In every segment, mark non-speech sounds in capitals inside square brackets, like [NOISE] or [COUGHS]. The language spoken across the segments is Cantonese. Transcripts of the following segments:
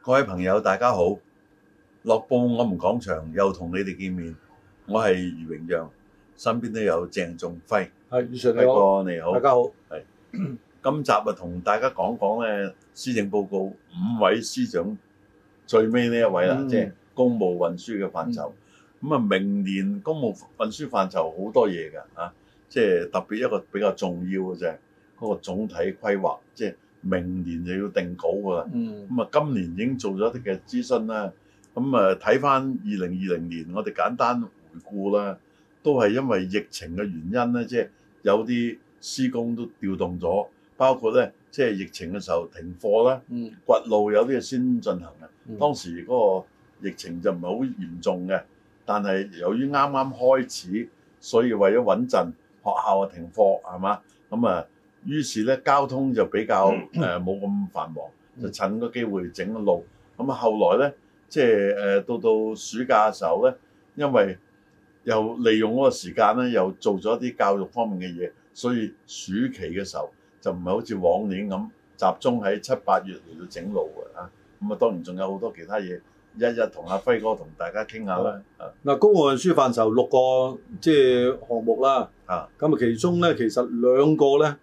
各位朋友，大家好！樂報我們講場又同你哋見面，我係余榮陽，身邊都有鄭仲輝。余 Sir 你好，你好，大家好。係是 [COUGHS] 今集啊，同大家講講呢施政報告五位司長最尾呢一位啦，嗯、即係公務運輸嘅範疇。咁啊、嗯，明年公務運輸範疇好多嘢噶啊！即係特別一個比較重要嘅就係，嗰個總體規劃，即係明年就要定稿噶啦。咁啊、嗯嗯，今年已經做咗一啲嘅諮詢啦。咁、嗯、啊，睇翻二零二零年，我哋簡單回顧啦，都係因為疫情嘅原因咧，即係有啲施工都調動咗，包括咧即係疫情嘅時候停貨啦，掘、嗯、路有啲嘢先進行啊。當時嗰個疫情就唔係好嚴重嘅，但係由於啱啱開始，所以為咗穩陣。學校啊停課係嘛？咁啊，於是咧，交通就比較誒冇咁繁忙，就趁個機會整路。咁啊後來咧，即係誒到到暑假嘅時候咧，因為又利用嗰個時間咧，又做咗一啲教育方面嘅嘢，所以暑期嘅時候就唔係好似往年咁集中喺七八月嚟到整路㗎啊。咁啊當然仲有好多其他嘢。一日同阿輝哥同大家傾下啦。嗱、啊，是工務運輸範疇六個即係、就是、項目啦。咁啊，其中咧、嗯、其實兩個咧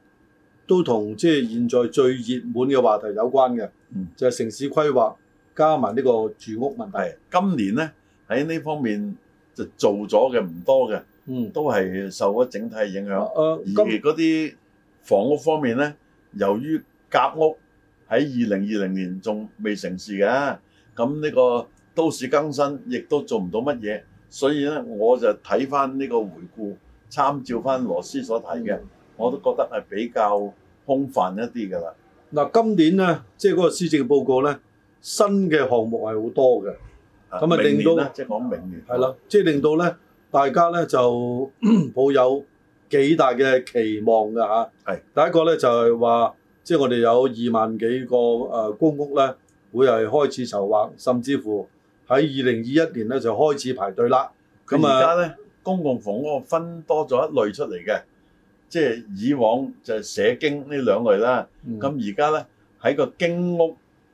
都同即係現在最熱門嘅話題有關嘅。嗯，就係城市規劃加埋呢個住屋問題。今年咧喺呢在方面就做咗嘅唔多嘅。嗯，都係受咗整體影響。而嗰啲房屋方面咧，由於夾屋喺二零二零年仲未成事嘅。咁呢個都市更新亦都做唔到乜嘢，所以咧我就睇翻呢個回顧，參照翻羅斯所睇嘅，嗯、我都覺得係比較空泛一啲㗎啦。嗱、啊，今年咧，即係嗰個施政報告咧，新嘅項目係好多嘅，咁啊令到即係講明年係啦，即係、就是、令到咧大家咧就抱 [COUGHS] 有幾大嘅期望㗎嚇、啊。係的第一個咧就係、是、話，即、就、係、是、我哋有二萬幾個誒、呃、公屋咧。會係開始籌劃，甚至乎喺二零二一年咧就開始排隊啦。咁而家咧，公共房屋分多咗一類出嚟嘅，即係以往就係社經呢兩類啦。咁而家咧喺個經屋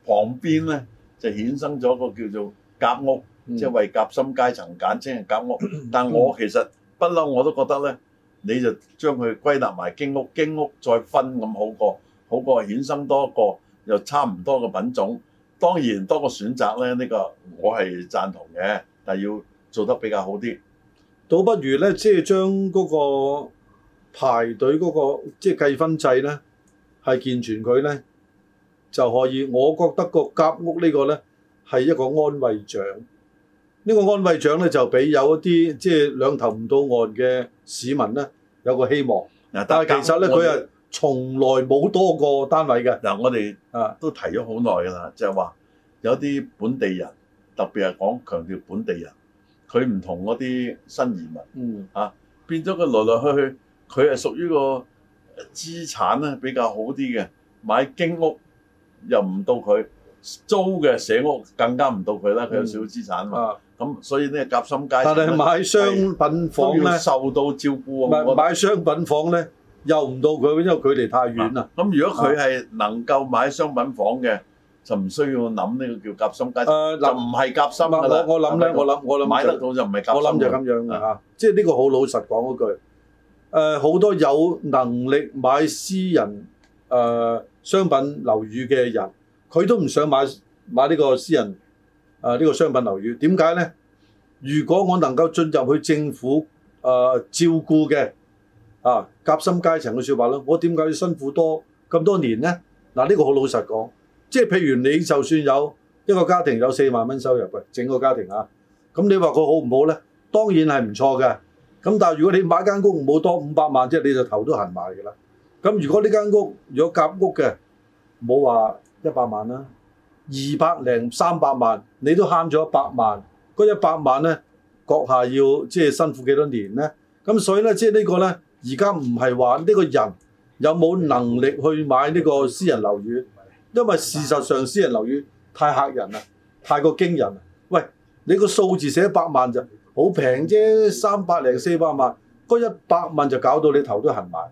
旁邊咧，就衍生咗一個叫做夾屋，即係為夾心階層簡稱嘅夾屋。但我其實不嬲我都覺得咧，你就將佢歸納埋經屋，經屋再分咁好過，好過衍生多一個又差唔多嘅品種。當然多個選擇咧，呢、這個我係贊同嘅，但係要做得比較好啲。倒不如咧，即係將嗰個排隊嗰、那個即係計分制咧，係健全佢咧，就可以。我覺得個夾屋個呢個咧係一個安慰獎。呢、這個安慰獎咧就俾有一啲即係兩頭唔到岸嘅市民咧有個希望。嗱但，但係其實咧佢又～甲 是從來冇多過單位㗎嗱、啊，我哋啊都提咗好耐㗎啦，就係、是、話有啲本地人，特別係講強調本地人，佢唔同嗰啲新移民，嗯啊變咗佢來來去去，佢係屬於個資產咧比較好啲嘅，買經屋又唔到佢，租嘅社屋更加唔到佢啦，佢、嗯、有少少資產嘛、嗯、所以呢，夾心階層買商品房咧受到照顧啊，買商品房咧。又唔到佢，因為距離太遠啦。咁、啊、如果佢係能夠買商品房嘅，啊、就唔需要諗呢個叫夾心階層。嗱、啊，唔係夾心啦。我我諗咧，我諗我諗都買得到就唔係夾心。我諗就咁樣嘅嚇。即係呢個好老實講嗰句。誒、呃，好多有能力買私人誒、呃、商品樓宇嘅人，佢都唔想買買呢個私人誒呢、呃這個商品樓宇。點解咧？如果我能夠進入去政府誒、呃、照顧嘅。啊，夾心階層嘅說話咧，我點解要辛苦多咁多年咧？嗱，呢個好老實講，即係譬如你就算有一個家庭有四萬蚊收入嘅整個家庭啊，咁你話佢好唔好咧？當然係唔錯嘅。咁但係如果你買間屋唔好多五百萬，即係，你就頭都痕埋嘅啦。咁如果呢間屋有夾屋嘅，冇話一百萬啦，二百零三百萬，你都慳咗一百萬。嗰一百萬咧，閣下要即係辛苦幾多年咧？咁所以咧，即係呢個咧。而家唔係話呢個人有冇能力去買呢個私人樓宇，因為事實上私人樓宇太嚇人啦，太過驚人。喂，你個數字寫一百萬就好平啫，三百零四百萬，嗰一百萬就搞到你頭都痕埋。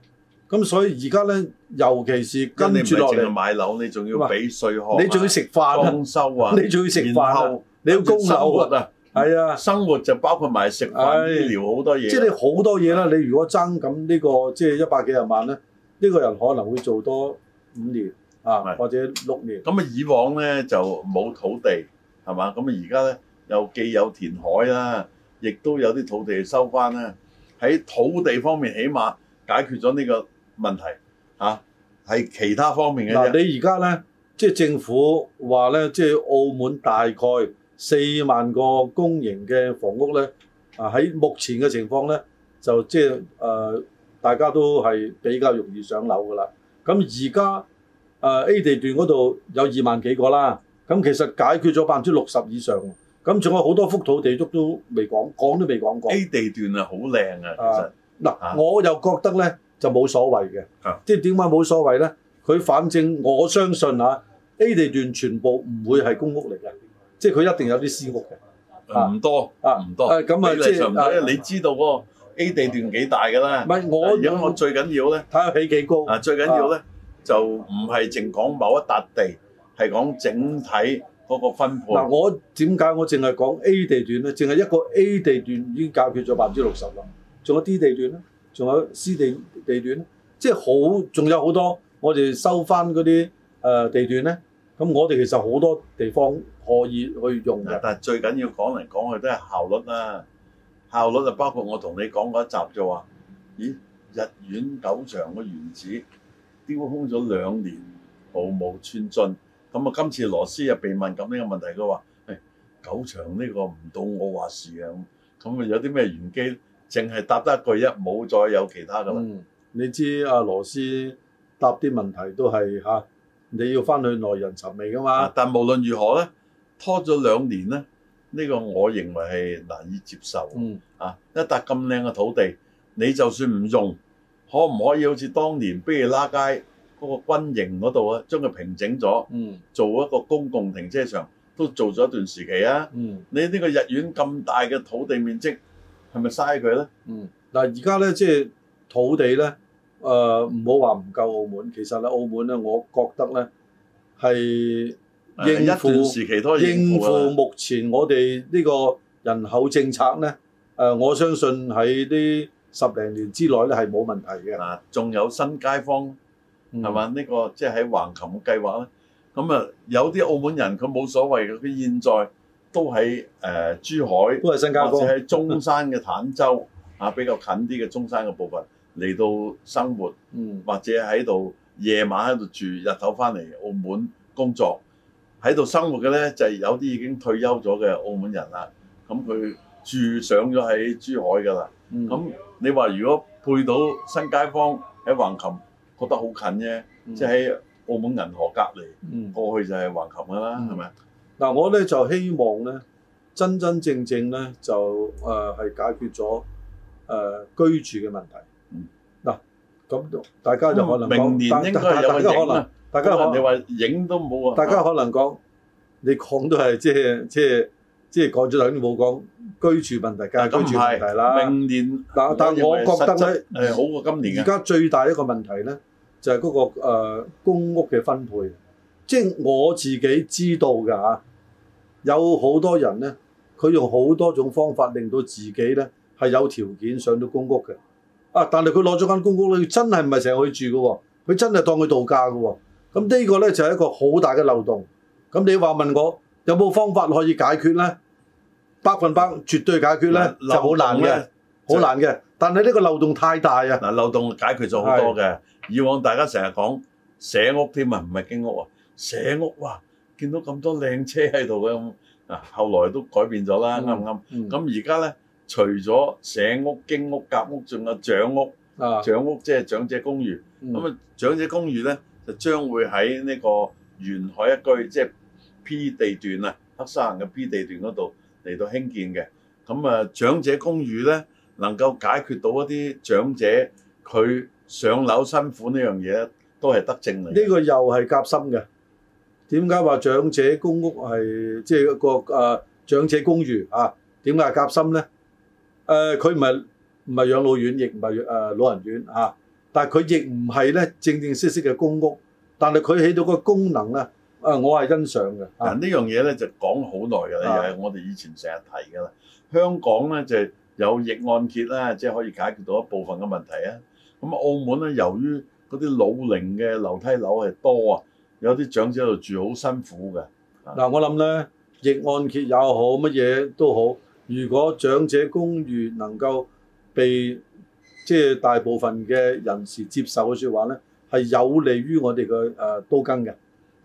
咁所以而家咧，尤其是跟住落嚟，你唔係淨係買樓，你仲要俾稅項，你仲要食飯、啊，收啊、你仲要食飯、啊，後你要供樓啊。係啊，生活就包括埋食品、醫療好多嘢。即係你好多嘢啦，啊、你如果爭咁呢個即係、就是、一百幾十萬咧，呢、這個人可能會做多五年啊，或者六年。咁啊，以往咧就冇土地係嘛？咁啊而家咧又既有填海啦，亦都有啲土地收翻啦。喺土地方面，起碼解決咗呢個問題嚇，係、啊、其他方面嘅。嗱，你而家咧即係政府話咧，即、就、係、是、澳門大概。四萬個公營嘅房屋咧，啊喺目前嘅情況咧，就即係誒，大家都係比較容易上樓㗎啦。咁而家誒 A 地段嗰度有二萬幾個啦，咁其實解決咗百分之六十以上。咁仲有好多幅土地足都未講，講都未講過。A 地段啊，好靚啊，其實嗱，我又覺得咧就冇所謂嘅，即係點解冇所謂咧？佢反正我相信啊，A 地段全部唔會係公屋嚟嘅。即係佢一定有啲私屋嘅、啊多，唔多啊，唔多。咁啊，即係誒，嗯啊、你知道嗰、哦、個、啊、A 地段幾大㗎啦？唔係我而家我最緊要咧，睇下起幾高啊！啊最緊要咧就唔係淨講某一笪地，係講整體嗰個分配。嗱、啊，我點解我淨係講 A 地段咧？淨係一個 A 地段已經解決咗百分之六十啦，仲有 D 地段咧，仲有 C 地地段咧，即係好，仲有好多我哋收翻嗰啲誒地段咧。咁我哋其實好多地方。可以去用嘅，但係最緊要的講嚟講去都係效率啦、啊。效率就包括我同你講嗰一集就話，咦，日院九長嘅原子雕空咗兩年毫無寸進，咁、嗯、啊今次羅斯又被問及呢個問題，佢話，誒、哎、九長呢個唔到我話事嘅，咁啊有啲咩玄機？淨係答得一句一，冇再有其他噶啦、嗯。你知阿羅斯答啲問題都係嚇、啊，你要翻去耐人尋味㗎嘛。但係無論如何咧。拖咗兩年咧，呢個我認為係難以接受。嗯啊，一笪咁靚嘅土地，你就算唔用，可唔可以好似當年俾利喇街嗰個軍營嗰度啊，將佢平整咗，嗯，做一個公共停車場，都做咗一段時期啊。嗯，你呢個逸園咁大嘅土地面積，係咪嘥佢咧？嗯，嗱而家咧，即係土地咧，誒唔好話唔夠澳門，其實咧澳門咧，我覺得咧係。應付一時應付，應付目前我哋呢個人口政策咧，我相信喺呢十零年之內咧係冇問題嘅。仲有新街坊，係嘛、嗯？呢、呢個即係喺橫琴嘅計劃咧。咁啊，有啲澳門人佢冇所謂嘅，佢現在都喺誒珠海，都係新街坊，或者喺中山嘅坦洲啊，嗯、比較近啲嘅中山嘅部分嚟到生活，嗯、或者喺度夜晚喺度住，日頭翻嚟澳門工作。喺度生活嘅咧，就係、是、有啲已經退休咗嘅澳門人啦。咁佢住上咗喺珠海噶啦。咁、嗯、你話如果配到新街坊喺橫琴，覺得好近啫，即喺、嗯、澳門銀河隔離，嗯、過去就係橫琴噶啦，係咪、嗯？嗱吧，我咧就希望咧，真真正正咧就誒係、呃、解決咗誒、呃、居住嘅問題。嗱、嗯，咁大家就可能明年應該但係大家可能。大家可能你話影都冇喎，啊，大家可能講你講都係即係即係即係講咗頭都冇講居住問題，但係居住問題啦。明年，但但係我，我覺得咧，好過今年。而家最大一個問題咧，就係嗰個呃公屋嘅分配。即係我自己知道㗎嚇，有好多人咧，佢用好多種方法令到自己咧係有條件上到公屋嘅。啊，但係佢攞咗間公屋咧，佢真係唔係成日去住嘅喎，佢真係當佢度假嘅喎。咁呢個咧就係一個好大嘅漏洞。咁你話問我有冇方法可以解決咧？百分百絕對解決咧就好難嘅，好難嘅。但係呢個漏洞太大啊！嗱，漏洞解決咗好多嘅。以往大家成日講社屋添啊，唔係經屋啊，社屋哇，見到咁多靚車喺度嘅。嗱，後來都改變咗啦，啱唔啱？咁而家咧，除咗社屋、經屋、夾屋，仲有長屋。啊，長屋即係長者公寓。咁啊，長者公寓咧。就將會喺呢個沿海一區，即係 P 地段啊，黑沙環嘅 P 地段嗰度嚟到興建嘅。咁啊，長者公寓咧，能夠解決到一啲長者佢上樓辛苦呢樣嘢，都係得正嚟。呢個又係夾心嘅。點解話長者公屋係即係個誒長者公寓啊？點解係夾心咧？誒，佢唔係唔係養老院，亦唔係誒老人院啊。但係佢亦唔係咧正正式式嘅公屋，但係佢起到個功能咧，啊我係欣賞嘅。嗱、啊啊、呢樣嘢咧就講好耐㗎啦，啊、又係我哋以前成日提㗎啦。香港咧就係有逆按揭啦，即係可以解決到一部分嘅問題啊。咁澳門咧由於嗰啲老齡嘅樓梯樓係多啊，有啲長者喺度住好辛苦嘅。嗱，我諗咧逆按揭也好，乜嘢都好，如果長者公寓能夠被即係大部分嘅人士接受嘅説話咧，係有利於我哋嘅誒都更嘅。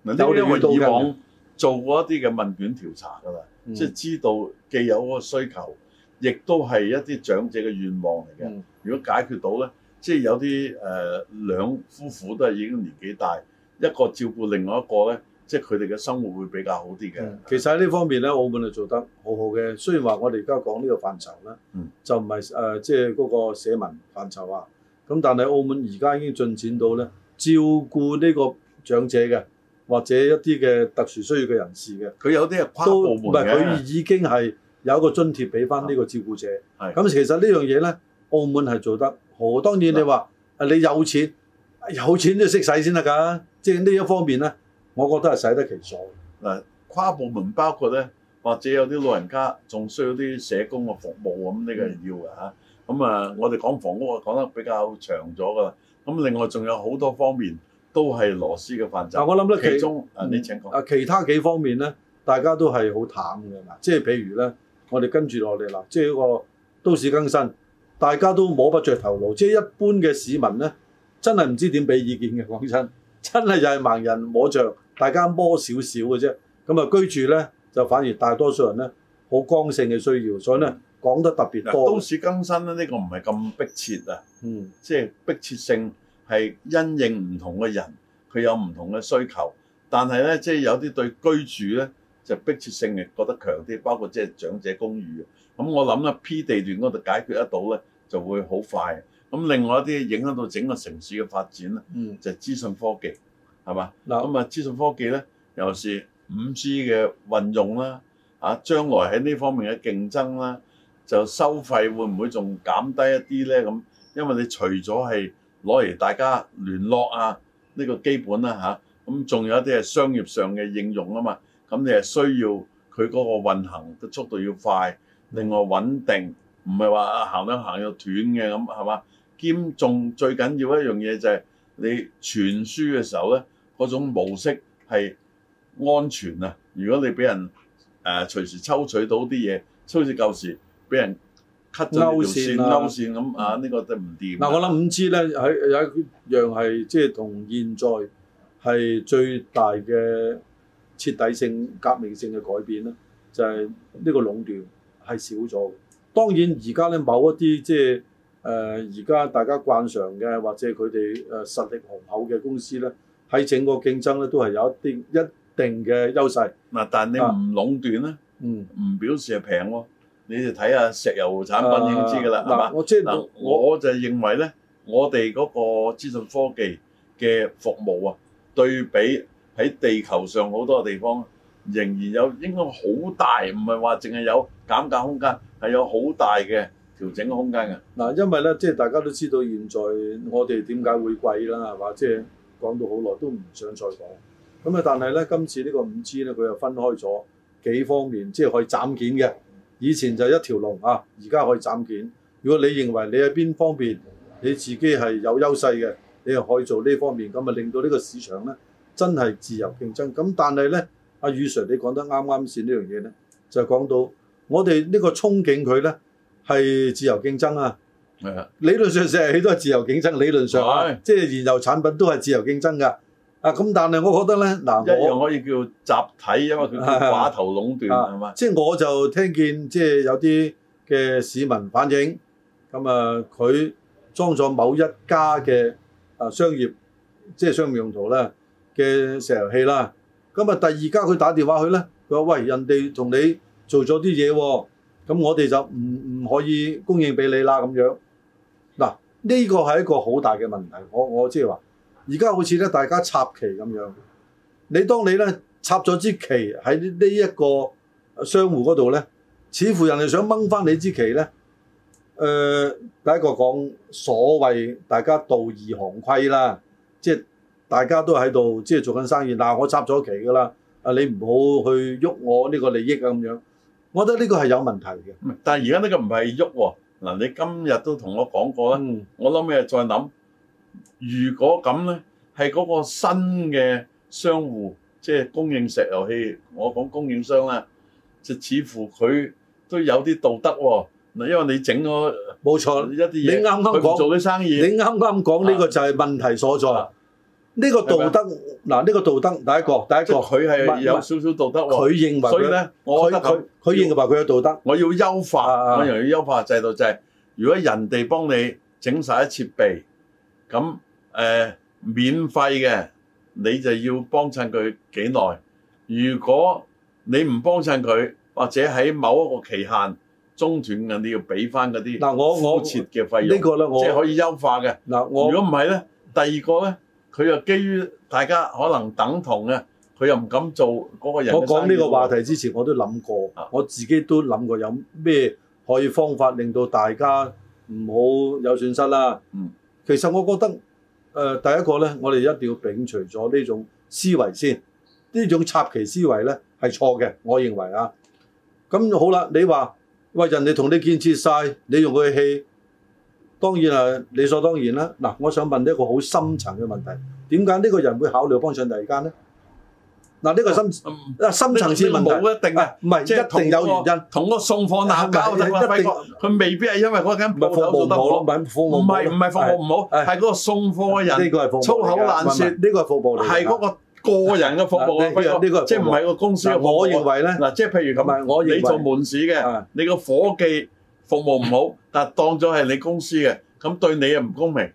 有因為以往做過一啲嘅問卷調查㗎啦，即係、嗯、知道既有嗰個需求，亦都係一啲長者嘅願望嚟嘅。嗯、如果解決到咧，即、就、係、是、有啲誒、呃、兩夫婦都係已經年紀大，一個照顧另外一個咧。即係佢哋嘅生活會比較好啲嘅、嗯。其實喺呢方面咧，澳門係做得好好嘅。雖然話我哋而家講呢個範疇啦，就唔係誒即係嗰個社民範疇啊。咁但係澳門而家已經進展到咧照顧呢個長者嘅，或者一啲嘅特殊需要嘅人士嘅。佢有啲係跨唔係佢已經係有一個津貼俾翻呢個照顧者。係咁、啊，係嘅其實這呢樣嘢咧，澳門係做得好。何當然你話啊，行你有錢，有錢都識使先得㗎。即係呢一方面咧。我覺得係使得其所嗱、啊，跨部門包括咧，或者有啲老人家仲需要啲社工嘅服務咁，呢個係要嘅嚇。咁啊，啊，我哋講房屋啊講得比較長咗㗎啦。咁、啊、另外仲有好多方面都係羅司嘅範疇、啊。我諗咧其，其中啊，你請講啊，其他幾方面咧，大家都係好淡嘅嗱、啊。即係譬如咧，我哋跟住落嚟啦，即係一個都市更新，大家都摸不着頭腦。即係一般嘅市民咧，真係唔知點俾意見嘅。講真，真係又係盲人摸着。大家摸少少嘅啫，咁啊居住咧就反而大多數人咧好剛性嘅需要，所以咧講得特別多。都市更新咧呢個唔係咁迫切啊，嗯，即係迫切性係因應唔同嘅人，佢有唔同嘅需求。但係咧即係有啲對居住咧就迫切性係覺得強啲，包括即係長者公寓。咁我諗咧 P 地段嗰度解決得到咧就會好快。咁另外一啲影響到整個城市嘅發展咧，嗯、就係資訊科技。係嘛？嗱，咁啊，資訊科技咧又是五 G 嘅運用啦，啊，將來喺呢方面嘅競爭啦，就收費會唔會仲減低一啲咧？咁因為你除咗係攞嚟大家聯絡啊，呢個基本啦，嚇，咁，啊，仲有一啲係商業上嘅應用啊嘛，咁你係需要佢嗰個運行嘅速度要快，另外穩定，唔係話行得行又斷嘅咁係嘛？兼仲最緊要一樣嘢就係。你傳輸嘅時候咧，嗰種模式係安全啊！如果你俾人誒、呃、隨時抽取到啲嘢，好似舊時俾人 cut 勾線、啊、勾線、勾線咁啊，呢、呢個都唔掂。嗱，我諗五 G 咧喺有一樣係即係同現在係最大嘅徹底性革命性嘅改變啦，就係、係、呢個壟斷係少咗。當然而家咧某一啲即係。就是誒而家大家慣常嘅或者佢哋誒實力雄厚嘅公司咧，喺整個競爭咧都係有一啲一定嘅優勢。嗱，但係你唔壟斷咧，唔表示係平喎。你哋睇下石油產品已經知㗎啦，係嘛？嗱，我即係我我就係認為咧，我哋嗰個資訊科技嘅服務啊，對比喺地球上好多地方仍然有應該好大，唔係話淨係有減價空間，係有好大嘅。調整個空間㗎。嗱，因為咧，即係大家都知道，現在我哋點解會貴啦，係嘛？即係講到好耐都唔想再講。咁啊，但係咧，今次呢個五 G 咧，佢又分開咗幾方面，即係可以斬件嘅。以前就一條龍啊，而家可以斬件。如果你認為你喺邊方面你自己係有優勢嘅，你又可以做呢方面，咁啊，令到呢個市場咧真係自由競爭。咁但係咧，阿、啊、雨 Sir，你講得啱啱先呢樣嘢咧，就講到我哋呢個憧憬佢咧。係自由競爭啊！係啊，理論上石油氣都係自由競爭，理論上即係燃油產品都係自由競爭㗎，啊啊。啊，咁但係我覺得咧，嗱，一樣可以叫集體，因為佢叫寡頭壟斷係咪？即係我就聽見即係、就是、有啲嘅市民反映，咁、嗯、啊，佢裝咗某一家嘅啊商業，即、啊、係商業用途咧嘅石油氣啦。咁、嗯、啊，第二家佢打電話去咧，佢話喂，人哋同你做咗啲嘢喎。咁我哋就唔唔可以供應俾你啦咁樣嗱，呢個係一個好大嘅問題我。我我即係話，而家好似咧大家插旗咁樣，你當你咧插咗支旗喺呢一個商戶嗰度咧，似乎人哋想掹翻你支旗咧。誒，第一個講所謂大家道義行規啦，即係大家都喺度即係做緊生意，嗱我插咗旗㗎啦，啊你唔好去喐我呢個利益啊咁樣。我覺得呢個係有問題嘅、嗯，但係而家呢個唔係喐喎。嗱，你今日都同我講過啦，嗯、我諗嘅再諗。如果咁咧，係嗰個新嘅商戶，即係供應石油氣，我講供應商咧，就似乎佢都有啲道德喎。嗱，因為你整咗冇錯一啲嘢，佢做嘅生意，你啱啱講呢個就係問題所在。啊啊呢個道德嗱，呢吧、呢個道德第一個，啊、第一個佢係有少少道德喎。佢認為咧，所以咧我覺得佢佢佢認為話佢有道德。我要優化，我又要優化制度就係、是，如果人哋幫你整晒啲設備，咁誒、呃、免費嘅，你就要幫襯佢幾耐？如果你唔幫襯佢，或者喺某一個期限中斷嘅，你要俾翻嗰啲嗱我我設嘅費用，呢個咧我即係可以優化嘅。嗱我如果唔係咧，第二個咧。佢又基於大家可能等同嘅，佢又唔敢做嗰個人。我講呢個話題之前，我都諗過，啊、我自己都諗過有咩可以方法令到大家唔好有損失啦、啊。嗯，其實我覺得誒、呃、第一個咧，我哋一定要摒除咗呢種思維先，呢種插旗思維咧係錯嘅，我認為啊。咁好啦，你話喂人哋同你建設晒，你用佢嘅氣。當然係理所當然啦。嗱，我想問一個好深層嘅問題，點解呢個人會考慮幫襯第二間咧？嗱，呢個深啊，深層次問冇一定嘅，唔係即係一定有原因。同個送貨鬧交，佢未必係因為嗰間服務唔好，唔係唔係服務唔好，係嗰個送貨人粗口爛説，呢個服務係嗰個個人嘅服務嘅，呢個即係唔係個公司。我認為咧，嗱，即係譬如咁，你做門市嘅，你個伙計。服務唔好，但當咗係你公司嘅，咁對你又唔公平。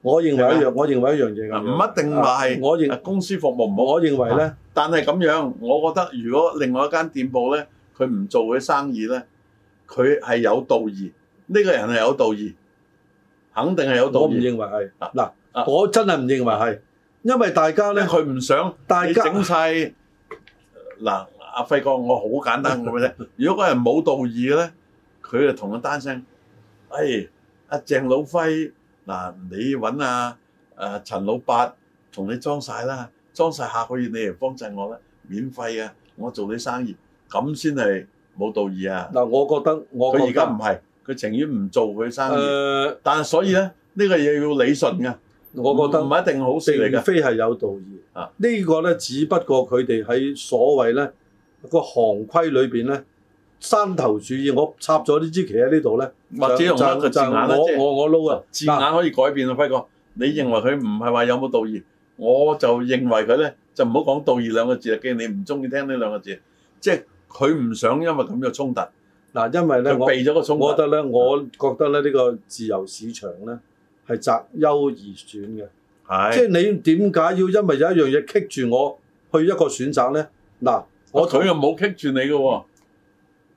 我認為一樣，我認為一樣嘢咁樣，唔一定話係我認為公司服務唔好。我認為咧，但係咁樣，我覺得如果另外一間店鋪咧，佢唔做嗰啲生意咧，佢係有道義，呢個人係有道義，肯定係有道義。我唔認為係，嗱，我真係唔認為係，因為大家咧，佢唔想大家整曬。嗱，阿輝哥，我好簡單咁樣先。如果個人冇道義咧？佢就同我單聲，哎，阿鄭老輝，嗱、啊啊，你揾阿阿陳老八同你裝晒啦，裝晒下個月你嚟幫襯我啦，免費啊！我做你生意，咁先係冇道義啊！嗱，我覺得我佢而家唔係，佢情願唔做佢生意。但係所以咧，呢個嘢要理順嘅。我覺得唔係一定好死你嘅，非係有道義啊。呢、嗯、個咧、啊、只不過佢哋喺所謂咧個行規裏邊咧。山頭主義，我插咗呢支旗喺呢度咧，或者用一個字眼啦是，我我我撈啊字眼可以改變啊輝哥，啊啊、你認為佢唔係話有冇道義？我就認為佢咧就唔好講道義兩個字啦，既然你唔中意聽呢兩個字，即係佢唔想因為咁嘅衝突嗱、啊，因為咧避咗個衝突我我覺得咧，我覺得咧呢，得呢、呢個自由市場咧係擇優而選嘅，是即係你點解要因為有一樣嘢棘住我去一個選擇咧？嗱、啊，我腿、啊、又冇棘住你嘅喎、啊。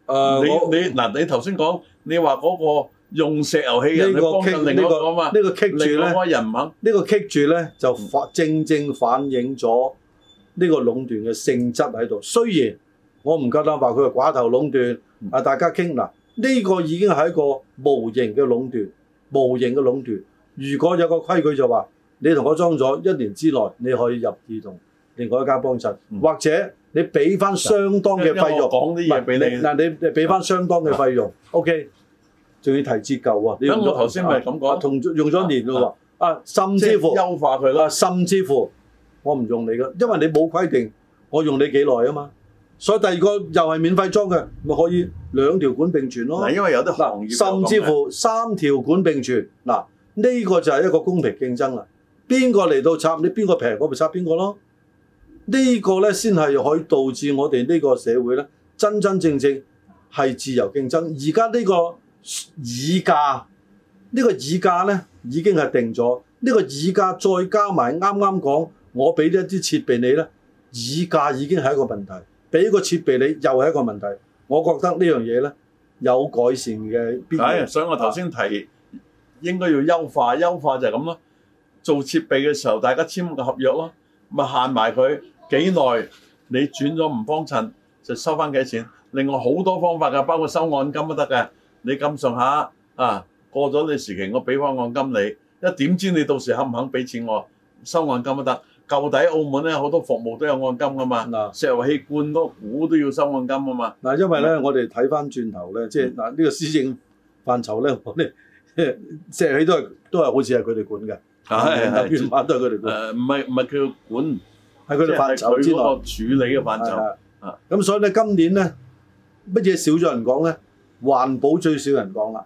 誒，你你嗱，你頭先講，你話嗰個用石油氣人、呢個，個呢個呢個、呢個傾呢呢個棘住咧，人唔呢個傾住咧就反正正反映咗呢個壟斷嘅性質喺度。雖然我唔夠膽話佢係寡頭壟斷，啊、嗯、大家傾嗱，呢、呢個已經係一個無形嘅壟斷，無形嘅壟斷。如果有個規矩就話，你同我裝咗一年之內，你可以入耳同，另外一家幫襯，或者你俾翻相當嘅費用，講啲嘢俾你嗱，你俾翻相當嘅費用。啊、O.K.，仲要提折舊啊！你用咗頭先咪咁講，同、啊、用咗年喎啊，啊，啊，啊，甚至乎優化佢啊，甚至乎我唔用你嘅，因為你冇規定我用你幾耐啊嘛。所以第二個又係免費裝嘅，咪可以兩條管並存咯。因為有啲甚至乎三條管並存嗱，呢、呢個就係一個公平競爭啦。邊個嚟到插你便便，邊個平我咪插邊個咯。呢個咧先係可以導致我哋呢個社會咧真真正正係自由競爭。而家呢個議價，呢個議價咧已經係定咗。呢個議價再加埋啱啱講，我俾一啲設備你咧，議價已經係一個問題。俾個設備你又係一個問題。我覺得呢樣嘢咧有改善嘅必要。唉，所以我頭先提應該要優化，優化就係咁咯。做設備嘅時候，大家簽個合約咯，咪限埋佢。幾耐你轉咗唔幫襯就收翻幾錢？另外好多方法㗎，包括收按金都得嘅。你咁上下啊，過咗你時期我俾翻按金你，一，點知你到時肯唔肯俾錢我？收按金都得。舊底澳門咧好多服務都有按金㗎嘛。嗱，石油氣罐嗰股都要收按金㗎嘛。嗱，因為咧我哋睇翻轉頭咧，即係嗱呢個施政範疇咧，我哋石油氣都係都係好似係佢哋管嘅。係油氣都係佢哋管。唔係唔係佢管。係佢哋範疇之內，係係處理嘅範疇啊，咁所以咧今年咧，乜嘢少咗人講咧？環保最少人講啦，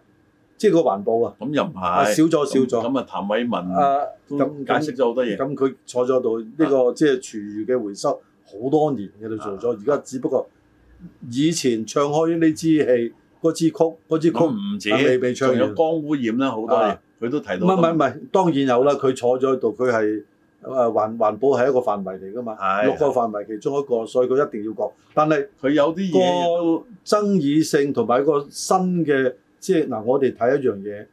即、就、係、是、個環保啊。咁又唔係少咗少咗。咁啊，譚偉文啊，咁解釋咗好多嘢。咁佢坐咗度呢個即係廚餘嘅回收，好多年佢度做咗。而家只不過以前唱開呢支戲，嗰支曲，嗰支曲唔止。未被唱完。除咗光污染啦，好多嘢佢、啊、都提到。唔唔唔，當然有啦。佢坐咗喺度，佢係。咁啊環，環保係一個範圍嚟㗎嘛，係係六個範圍其中一個，所以佢一定要講。但係佢有啲嘢爭議性同埋個新嘅，即係嗱、啊，我哋睇一樣嘢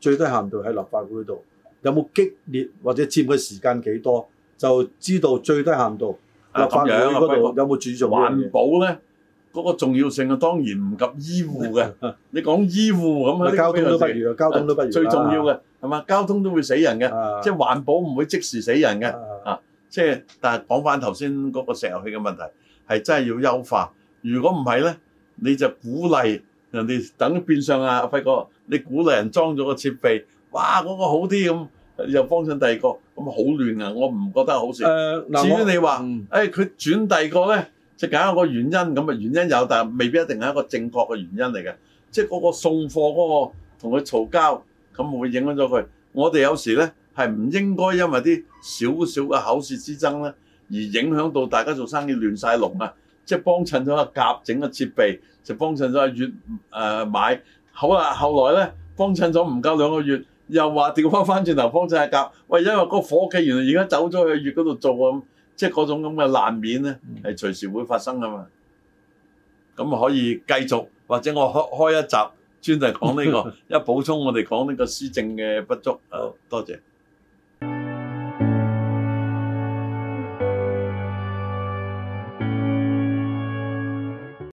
最低限度喺立法會度有冇激烈或者佔嘅時間幾多，就知道最低限度。啊、立法會嗰度有冇注重環保咧？嗰、嗰個重要性啊，當然唔及醫護嘅。 [LAUGHS] 你講醫護咁啊， [LAUGHS] 交通都不如啊，交通都不如，啊、最重要嘅。啊係嘛？交通都會死人嘅，啊、即係環保唔會即時死人嘅啊，啊！即係，但係講翻頭先嗰個石油氣嘅問題，係真係要優化。如果唔係咧，你就鼓勵人哋等變相啊，輝哥，你鼓勵人裝咗個設備，哇！嗰、嗰個好啲咁，又幫襯第二個，咁好亂啊！我唔覺得好事。呃、至於你話誒，佢轉第二個咧，就揀一個原因咁啊，原因有，但係未必一定係一個正確嘅原因嚟嘅。即係嗰個送貨嗰、嗰個同佢嘈交。咁會影響咗佢？我哋有時咧係唔應該因為啲少少嘅口舌之爭咧，而影響到大家做生意亂晒龍啊！即係幫襯咗阿甲整個設備，就幫襯咗阿月誒、呃、買。好啦，後來咧幫襯咗唔夠兩個月，又話掉翻翻轉頭幫襯阿甲。喂，因為個伙計原來而家走咗去月嗰度做啊，即係嗰種咁嘅爛面咧，係隨時會發生噶嘛。咁啊，可以繼續或者我開開一集。專就係講呢個，一補充我哋講呢個施政嘅不足。好多謝。